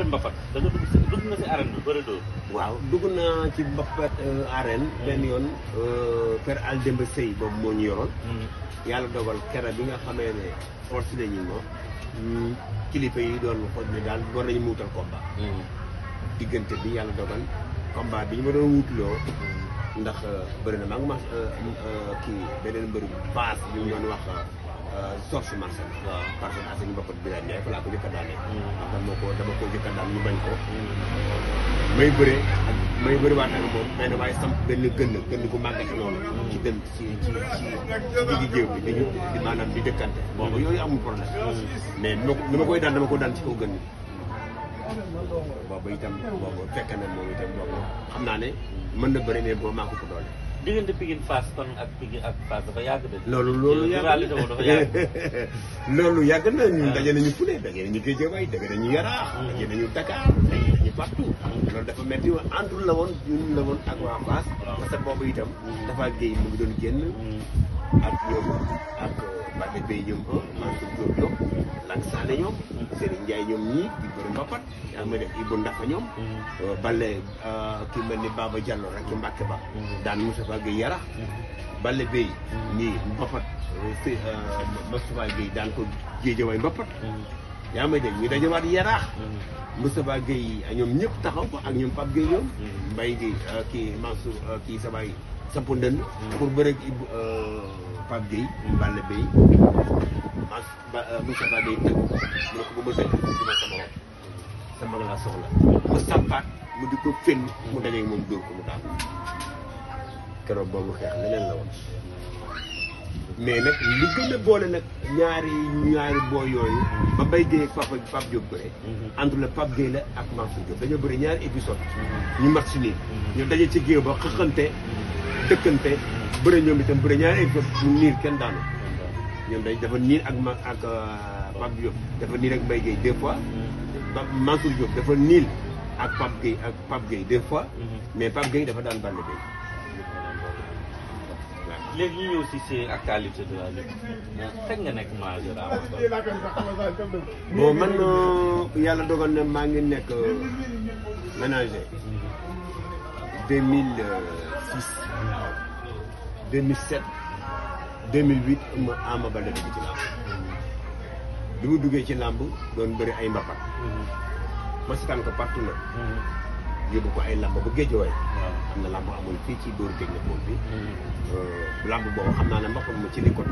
après mbapat da nga dugg si dugg na si arène bi bëri waaw dugg naa ci mbapat euh, aren hmm. benn yoon euh, Père Aldemba Sey boobu moo ñu yoroon. Hmm. yàlla dogal kera bi nga xamee ne force la ñu moom. kilifa yi doon xool ne daal war nañu mu wutal combat. Hmm. diggante bi yàlla dogal combat bi ñu ma doon wutloo. ndax euh, bëri na maa ngi ma kii beneen mbëri paas bi ñu yoon wax. torche euh, marché la. waa Parcelles Assainies mbokk bi Birane Ndiaye fa laa ko njëkk a daane. Mm. ndax dama ko ko njëkk a daan ñu ko. Mm. may bëre ak may bëriwaat ak moom xëy na waaye samp benn gën gën gu màggati noonu. ci gën ci ci ci bi di ñu di maanaam di mm. yooyu amul problème. mais ni ma koy daan dama ko daan ci koo gën bi. boobu itam boobu fekk na moom itam boobu xam naa ne mën na bëri mais boo maa ko doole. diggante Pikine Fass kon ak Pikine ak Fass dafa yàgg de. loolu loolu yàgg na dafa yàgg. loolu yàgg na ñun ah. daje nañu fu ne daje nañu Guédiawaye nañu Yaraax. Mm-hmm. daje nañu Dakar daje nañu partout. loolu dafa metti woon àndul la woon ñun la woon ak waa Fass. parce que boobu itam. dafa mm-hmm. géey mu ngi doon ak ñoom ak euh, Bade Bay ñoom un Mansour Diop ñoom Lang Sané ñoom Serigne Ndiaye ñoom ñii di bëri mbapat yaa ngi def Ibou Ndafa ñoom mm. euh, bale euh, ki mel ni Baba Diallo rek ci Mbàkke ba mm. daan Moustapha Gueye Yarax mm. Bale Bay ñii mbapat si Moustapha daan ko géejawaay mbapat yaa ngi dégg ñu dajawaat yaraax Moustapha Gueye ñoom ñëpp taxaw ko ak ñoom Pape Gueye ñoom Mbaye Gueye kii Mansour kii sabay samp ndënd pour bëreeg euh, Pape Gueye Balla Beye mas euh, Moussa Ba day tëgg mu ne ko ba ma tëgg duma sama rob sama nga soxla mu sampaat mu di ko fenn mu dajeeg moom dóor ko mu daal keroog nag boole nag ñaari ñaari boo yooyu ba Mbaye Gueye ak Papa Pape Diop bëre mm-hmm. entre le Pape Gueye la ak Mansour Diop dañoo bëri ñaari épisode mm-hmm. ñu mat si nii mm-hmm. ñu daje ba xëxante dëkkante bëre ñoom itam bëre ñaari école mu niir kenn daanu ñoom day dafa niir ak ma ak euh, Pape Diop dafa niir ak Mbaye Gueye deux fois Mansour Diop dafa niil ak Pape Gueye ak Pape Gueye deux fois mhm. mais Pape Gueye dafa daan bàll Gueye waaw léegi ñu ñëw si ces actualités de la lutte fekk nga nekk majeur bon man euh, yàlla dogal na maa ngi nekk euh, ménager mhm. deux mille six deux mille sept deux mille huit ma Ama Baldé dugg ci làmb bi mu duggee ci làmb doon bëri ay mbapat mm-hmm. ma seetaan ko partout nag mm-hmm. yóbbu ko ay làmb bu géej waay am na làmb amoon fii ci dóor géej na bool bi mm-hmm. euh, làmb boobu xam naa ne mbapat ma ci li ko